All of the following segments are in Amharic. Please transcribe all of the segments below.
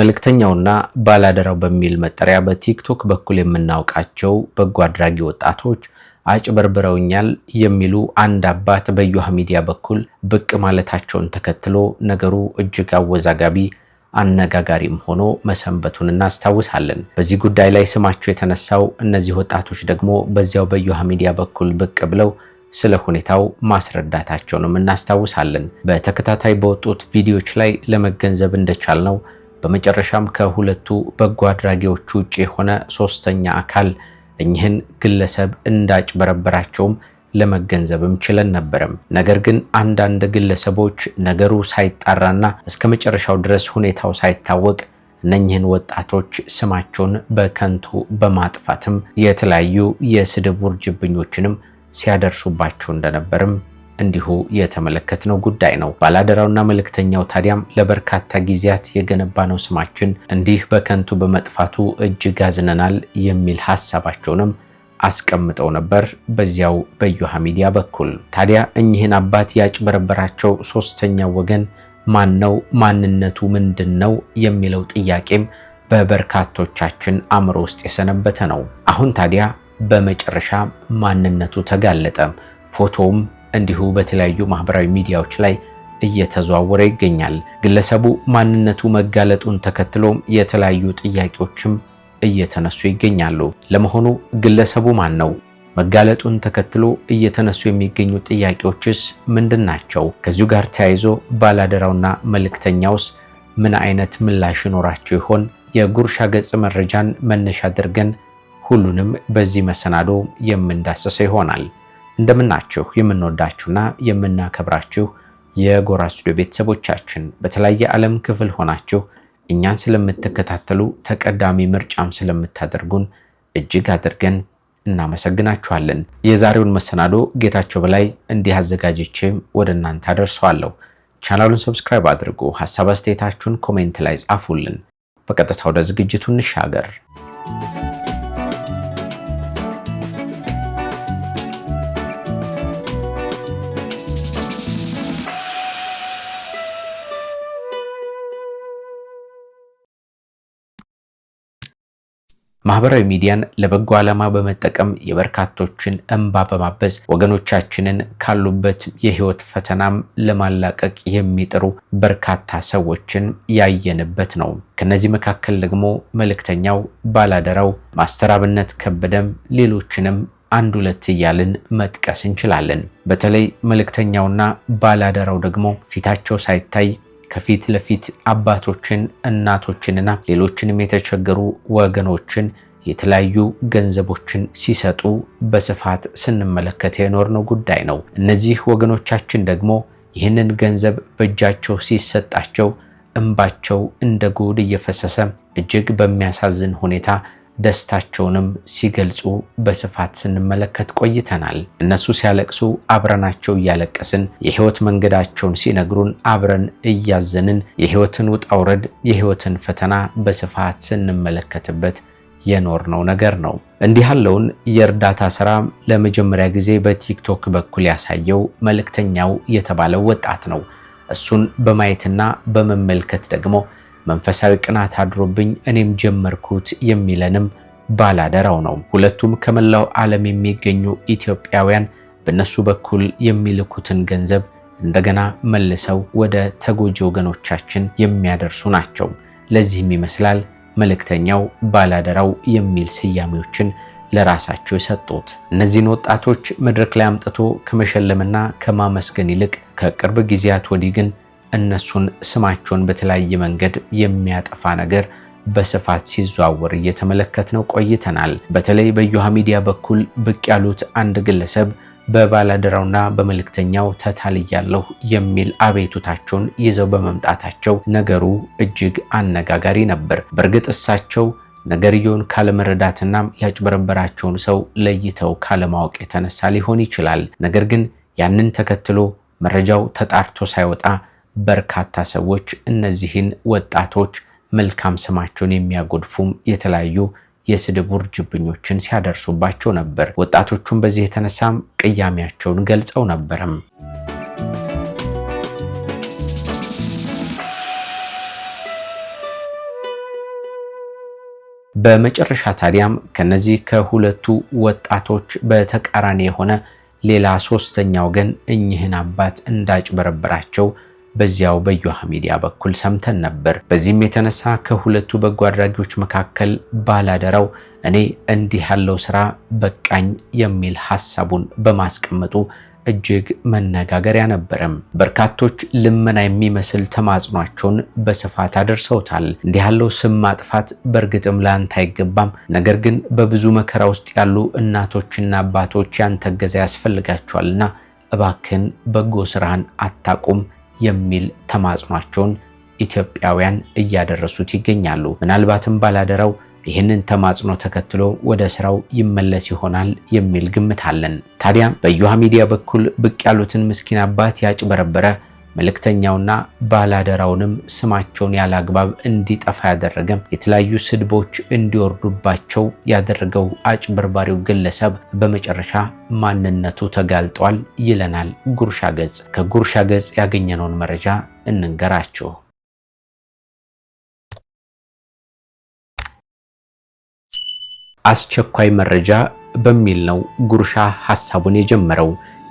መልእክተኛውና ባላደራው በሚል መጠሪያ በቲክቶክ በኩል የምናውቃቸው በጎ አድራጊ ወጣቶች አጭበርብረውኛል የሚሉ አንድ አባት በዩሃ ሚዲያ በኩል ብቅ ማለታቸውን ተከትሎ ነገሩ እጅግ አወዛጋቢ አነጋጋሪም ሆኖ መሰንበቱን እናስታውሳለን። በዚህ ጉዳይ ላይ ስማቸው የተነሳው እነዚህ ወጣቶች ደግሞ በዚያው በዩሃ ሚዲያ በኩል ብቅ ብለው ስለ ሁኔታው ማስረዳታቸውንም እናስታውሳለን። በተከታታይ በወጡት ቪዲዮዎች ላይ ለመገንዘብ እንደቻልነው በመጨረሻም ከሁለቱ በጎ አድራጊዎች ውጭ የሆነ ሶስተኛ አካል እኚህን ግለሰብ እንዳጭበረበራቸውም ለመገንዘብም ችለን ነበረም። ነገር ግን አንዳንድ ግለሰቦች ነገሩ ሳይጣራና እስከ መጨረሻው ድረስ ሁኔታው ሳይታወቅ እነኝህን ወጣቶች ስማቸውን በከንቱ በማጥፋትም የተለያዩ የስድብ ውርጅብኞችንም ሲያደርሱባቸው እንደነበርም እንዲሁ የተመለከትነው ጉዳይ ነው። ባላደራውና መልእክተኛው ታዲያም ለበርካታ ጊዜያት የገነባነው ስማችን እንዲህ በከንቱ በመጥፋቱ እጅግ አዝነናል የሚል ሀሳባቸውንም አስቀምጠው ነበር በዚያው በዮሃ ሚዲያ በኩል። ታዲያ እኚህን አባት ያጭበረበራቸው ሶስተኛው ወገን ማን ነው? ማንነቱ ምንድን ነው? የሚለው ጥያቄም በበርካቶቻችን አእምሮ ውስጥ የሰነበተ ነው። አሁን ታዲያ በመጨረሻ ማንነቱ ተጋለጠ። ፎቶውም እንዲሁ በተለያዩ ማህበራዊ ሚዲያዎች ላይ እየተዘዋወረ ይገኛል። ግለሰቡ ማንነቱ መጋለጡን ተከትሎም የተለያዩ ጥያቄዎችም እየተነሱ ይገኛሉ። ለመሆኑ ግለሰቡ ማን ነው? መጋለጡን ተከትሎ እየተነሱ የሚገኙ ጥያቄዎችስ ምንድን ናቸው? ከዚሁ ጋር ተያይዞ ባላደራውና መልእክተኛውስ ምን አይነት ምላሽ ይኖራቸው ይሆን? የጉርሻ ገጽ መረጃን መነሻ አድርገን ሁሉንም በዚህ መሰናዶ የምንዳሰሰ ይሆናል። እንደምናችሁ የምንወዳችሁና የምናከብራችሁ የጎራ ስቱዲዮ ቤተሰቦቻችን በተለያየ ዓለም ክፍል ሆናችሁ እኛን ስለምትከታተሉ ተቀዳሚ ምርጫም ስለምታደርጉን እጅግ አድርገን እናመሰግናችኋለን። የዛሬውን መሰናዶ ጌታቸው በላይ እንዲህ አዘጋጅቼም ወደ እናንተ አደርሰዋለሁ። ቻናሉን ሰብስክራይብ አድርጉ፣ ሀሳብ አስተያየታችሁን ኮሜንት ላይ ጻፉልን። በቀጥታ ወደ ዝግጅቱ እንሻገር። ማህበራዊ ሚዲያን ለበጎ ዓላማ በመጠቀም የበርካቶችን እንባ በማበስ ወገኖቻችንን ካሉበት የህይወት ፈተናም ለማላቀቅ የሚጥሩ በርካታ ሰዎችን ያየንበት ነው። ከነዚህ መካከል ደግሞ መልእክተኛው፣ ባላደራው ማስተር አብነት ከበደም ሌሎችንም አንድ ሁለት እያልን መጥቀስ እንችላለን። በተለይ መልእክተኛውና ባላደራው ደግሞ ፊታቸው ሳይታይ ከፊት ለፊት አባቶችን፣ እናቶችንና ሌሎችንም የተቸገሩ ወገኖችን የተለያዩ ገንዘቦችን ሲሰጡ በስፋት ስንመለከት የኖርነው ጉዳይ ነው። እነዚህ ወገኖቻችን ደግሞ ይህንን ገንዘብ በእጃቸው ሲሰጣቸው እንባቸው እንደ ጉድ እየፈሰሰ እጅግ በሚያሳዝን ሁኔታ ደስታቸውንም ሲገልጹ በስፋት ስንመለከት ቆይተናል። እነሱ ሲያለቅሱ አብረናቸው እያለቀስን፣ የህይወት መንገዳቸውን ሲነግሩን አብረን እያዘንን፣ የህይወትን ውጣውረድ የህይወትን ፈተና በስፋት ስንመለከትበት የኖርነው ነገር ነው። እንዲህ ያለውን የእርዳታ ስራ ለመጀመሪያ ጊዜ በቲክቶክ በኩል ያሳየው መልእክተኛው የተባለው ወጣት ነው። እሱን በማየትና በመመልከት ደግሞ መንፈሳዊ ቅናት አድሮብኝ እኔም ጀመርኩት የሚለንም ባላደራው ነው። ሁለቱም ከመላው ዓለም የሚገኙ ኢትዮጵያውያን በእነሱ በኩል የሚልኩትን ገንዘብ እንደገና መልሰው ወደ ተጎጂ ወገኖቻችን የሚያደርሱ ናቸው። ለዚህም ይመስላል መልእክተኛው ባላደራው የሚል ስያሜዎችን ለራሳቸው የሰጡት። እነዚህን ወጣቶች መድረክ ላይ አምጥቶ ከመሸለምና ከማመስገን ይልቅ ከቅርብ ጊዜያት ወዲህ ግን እነሱን ስማቸውን በተለያየ መንገድ የሚያጠፋ ነገር በስፋት ሲዘዋወር እየተመለከትነው ቆይተናል። በተለይ በእዮሃ ሚዲያ በኩል ብቅ ያሉት አንድ ግለሰብ በባላደራውና በመልእክተኛው ተታልያለሁ የሚል አቤቱታቸውን ይዘው በመምጣታቸው ነገሩ እጅግ አነጋጋሪ ነበር። በእርግጥ እሳቸው ነገርየውን ካለመረዳትና ያጭበረበራቸውን ሰው ለይተው ካለማወቅ የተነሳ ሊሆን ይችላል። ነገር ግን ያንን ተከትሎ መረጃው ተጣርቶ ሳይወጣ በርካታ ሰዎች እነዚህን ወጣቶች መልካም ስማቸውን የሚያጎድፉም የተለያዩ የስድብ ውርጅብኞችን ሲያደርሱባቸው ነበር። ወጣቶቹም በዚህ የተነሳም ቅያሜያቸውን ገልጸው ነበርም። በመጨረሻ ታዲያም ከነዚህ ከሁለቱ ወጣቶች በተቃራኒ የሆነ ሌላ ሶስተኛ ወገን እኚህን አባት እንዳጭበረበራቸው በዚያው በዩሃ ሚዲያ በኩል ሰምተን ነበር። በዚህም የተነሳ ከሁለቱ በጎ አድራጊዎች መካከል ባላደራው እኔ እንዲህ ያለው ስራ በቃኝ የሚል ሐሳቡን በማስቀመጡ እጅግ መነጋገሪያ ነበረም። በርካቶች ልመና የሚመስል ተማጽኗቸውን በስፋት አድርሰውታል እንዲህ ያለው ስም ማጥፋት በእርግጥም ለአንተ አይገባም፣ ነገር ግን በብዙ መከራ ውስጥ ያሉ እናቶችና አባቶች ያንተ እገዛ ያስፈልጋቸዋልና እባክን በጎ ስራህን አታቁም የሚል ተማጽኗቸውን ኢትዮጵያውያን እያደረሱት ይገኛሉ። ምናልባትም ባላደራው ይህንን ተማጽኖ ተከትሎ ወደ ስራው ይመለስ ይሆናል የሚል ግምት አለን። ታዲያ በእዮሃ ሚዲያ በኩል ብቅ ያሉትን ምስኪን አባት ያጭበረበረ መልእክተኛውና ባላደራውንም ስማቸውን ያለ አግባብ እንዲጠፋ ያደረገም የተለያዩ ስድቦች እንዲወርዱባቸው ያደረገው አጭበርባሪው ግለሰብ በመጨረሻ ማንነቱ ተጋልጧል ይለናል ጉርሻ ገጽ። ከጉርሻ ገጽ ያገኘነውን መረጃ እንንገራችሁ። አስቸኳይ መረጃ በሚል ነው ጉርሻ ሀሳቡን የጀመረው።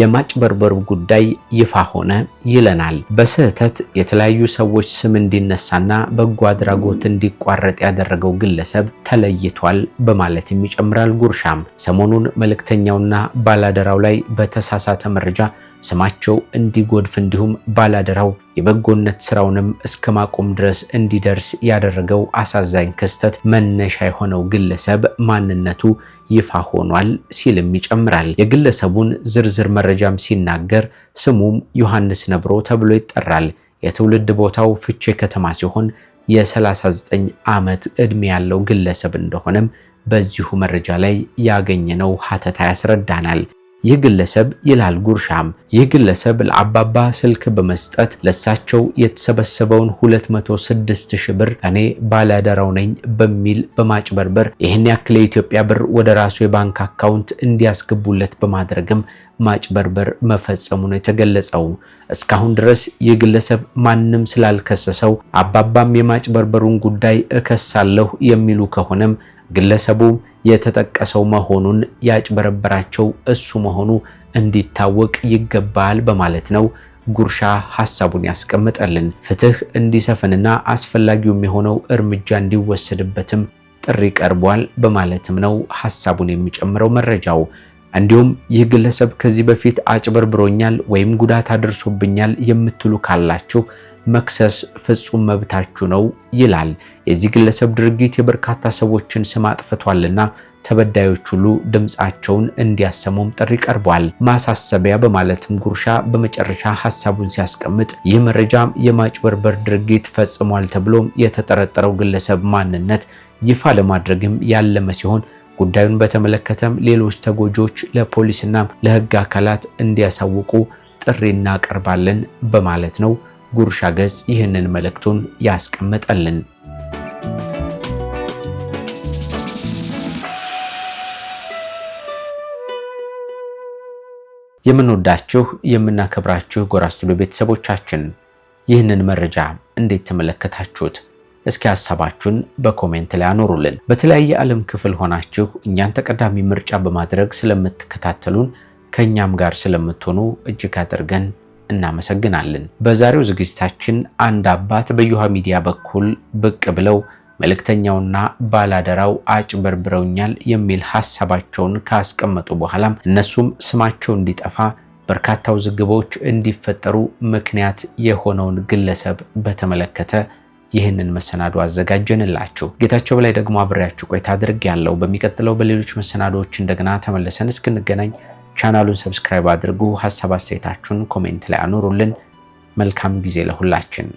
የማጭበርበሩ ጉዳይ ይፋ ሆነ ይለናል። በስህተት የተለያዩ ሰዎች ስም እንዲነሳና በጎ አድራጎት እንዲቋረጥ ያደረገው ግለሰብ ተለይቷል በማለትም ይጨምራል። ጉርሻም ሰሞኑን መልእክተኛውና ባላደራው ላይ በተሳሳተ መረጃ ስማቸው እንዲጎድፍ እንዲሁም ባላደራው የበጎነት ስራውንም እስከ ማቆም ድረስ እንዲደርስ ያደረገው አሳዛኝ ክስተት መነሻ የሆነው ግለሰብ ማንነቱ ይፋ ሆኗል ሲልም ይጨምራል። የግለሰቡን ዝርዝር መረጃም ሲናገር ስሙም ዮሐንስ ነብሮ ተብሎ ይጠራል። የትውልድ ቦታው ፍቼ ከተማ ሲሆን የ39 ዓመት ዕድሜ ያለው ግለሰብ እንደሆነም በዚሁ መረጃ ላይ ያገኘነው ሀተታ ያስረዳናል። ይህ ግለሰብ ይላል ጉርሻም፣ ይህ ግለሰብ ለአባባ ስልክ በመስጠት ለሳቸው የተሰበሰበውን 206 ሺህ ብር እኔ ባለአደራው ነኝ በሚል በማጭበርበር ይህን ያክል የኢትዮጵያ ብር ወደ ራሱ የባንክ አካውንት እንዲያስገቡለት በማድረግም ማጭበርበር መፈጸሙ ነው የተገለጸው። እስካሁን ድረስ ይህ ግለሰብ ማንም ስላልከሰሰው አባባም የማጭበርበሩን ጉዳይ እከሳለሁ የሚሉ ከሆነም ግለሰቡ የተጠቀሰው መሆኑን ያጭበረበራቸው እሱ መሆኑ እንዲታወቅ ይገባል በማለት ነው ጉርሻ ሐሳቡን ያስቀምጠልን። ፍትህ እንዲሰፍንና አስፈላጊውም የሆነው እርምጃ እንዲወሰድበትም ጥሪ ቀርቧል በማለትም ነው ሐሳቡን የሚጨምረው መረጃው። እንዲሁም ይህ ግለሰብ ከዚህ በፊት አጭበርብሮኛል ወይም ጉዳት አድርሶብኛል የምትሉ ካላችሁ መክሰስ ፍጹም መብታችሁ ነው ይላል። የዚህ ግለሰብ ድርጊት የበርካታ ሰዎችን ስም አጥፍቷልና ተበዳዮች ሁሉ ድምፃቸውን እንዲያሰሙም ጥሪ ቀርቧል። ማሳሰቢያ በማለትም ጉርሻ በመጨረሻ ሀሳቡን ሲያስቀምጥ ይህ መረጃ የማጭበርበር ድርጊት ፈጽሟል ተብሎም የተጠረጠረው ግለሰብ ማንነት ይፋ ለማድረግም ያለመ ሲሆን ጉዳዩን በተመለከተም ሌሎች ተጎጂዎች ለፖሊስና ለሕግ አካላት እንዲያሳውቁ ጥሪ እናቀርባለን በማለት ነው ጉርሻ ገጽ ይህንን መልእክቱን ያስቀመጠልን። የምንወዳችሁ የምናከብራችሁ ጎራ ስቱዲዮ ቤተሰቦቻችን ይህንን መረጃ እንዴት ተመለከታችሁት? እስኪ ሀሳባችሁን በኮሜንት ላይ አኖሩልን። በተለያየ ዓለም ክፍል ሆናችሁ እኛን ተቀዳሚ ምርጫ በማድረግ ስለምትከታተሉን ከእኛም ጋር ስለምትሆኑ እጅግ አድርገን እናመሰግናለን። በዛሬው ዝግጅታችን አንድ አባት በዩሃ ሚዲያ በኩል ብቅ ብለው መልእክተኛውና ባላደራው አጭበርብረውኛል የሚል ሀሳባቸውን ካስቀመጡ በኋላም እነሱም ስማቸው እንዲጠፋ በርካታ ውዝግቦች እንዲፈጠሩ ምክንያት የሆነውን ግለሰብ በተመለከተ ይህንን መሰናዶ አዘጋጀንላችሁ። ጌታቸው በላይ ደግሞ አብሬያችሁ ቆይታ አድርግ ያለው። በሚቀጥለው በሌሎች መሰናዶዎች እንደገና ተመልሰን እስክንገናኝ ቻናሉን ሰብስክራይብ አድርጉ። ሀሳብ አስተያየታችሁን ኮሜንት ላይ አኑሩልን። መልካም ጊዜ ለሁላችን።